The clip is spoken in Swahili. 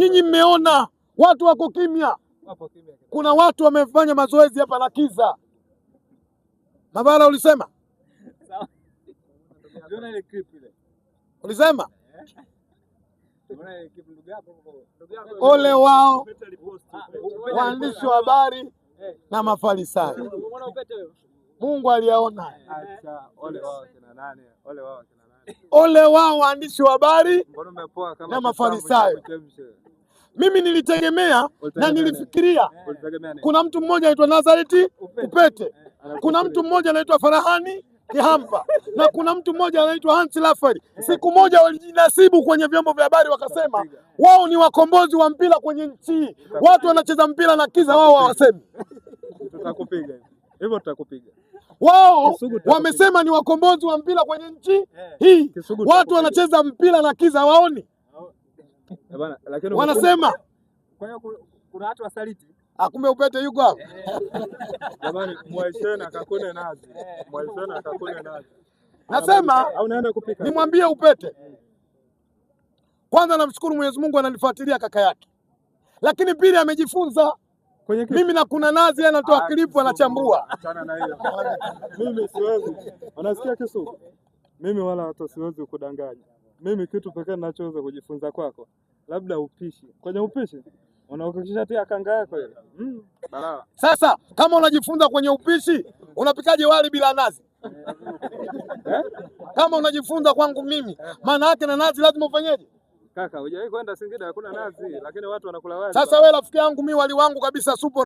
Nyinyi mmeona watu wako kimya, kuna watu wamefanya mazoezi hapa na kiza. Mabara ulisema ulisema ole wao waandishi wa habari na mafarisayo. Mungu aliyaona. Ole wao waandishi wa habari na mafarisayo. Mimi nilitegemea na nilifikiria eh. kuna mtu mmoja anaitwa Nazareti Upete, eh, kuna mtu mmoja anaitwa Farahani Kihampa na kuna mtu mmoja anaitwa Hans Lafari. Eh. Siku moja walijinasibu kwenye vyombo vya habari wakasema wao ni wakombozi wa mpira kwenye nchi hii, watu wanacheza mpira na kiza wao hawasemi. Tutakupiga hivyo, tutakupiga wao wamesema ni wakombozi wa mpira kwenye nchi hii, watu wanacheza mpira na kiza waoni Eh, wanasema kwa hiyo kuna watu wasaliti. Akumbe ah, upete yuko hapo. Eh. Jamani, mwaisheni akakune nazi. Mwaisheni akakune nazi. Nasema nimwambie upete eh. kwanza, namshukuru Mwenyezi Mungu ananifuatilia kaka yake, lakini pili amejifunza mimi na kuna nazi anatoa ah, kilipu anachambua. Achana na hiyo. Mimi siwezi. Unasikia kisu? Mimi wala hata siwezi kudanganya mimi kitu pekee ninachoweza kujifunza kwako labda upishi. Kwenye upishi unauhakikisha tia kanga yako ile mm. Sasa kama unajifunza kwenye upishi, unapikaje wali bila nazi? Eh? kama unajifunza kwangu mimi, maana yake na nazi lazima ufanyeje? Kaka, hujawahi kwenda Singida, hakuna nazi, lakini watu wanakula wali. Sasa wewe rafiki yangu, mimi wali wangu kabisa supo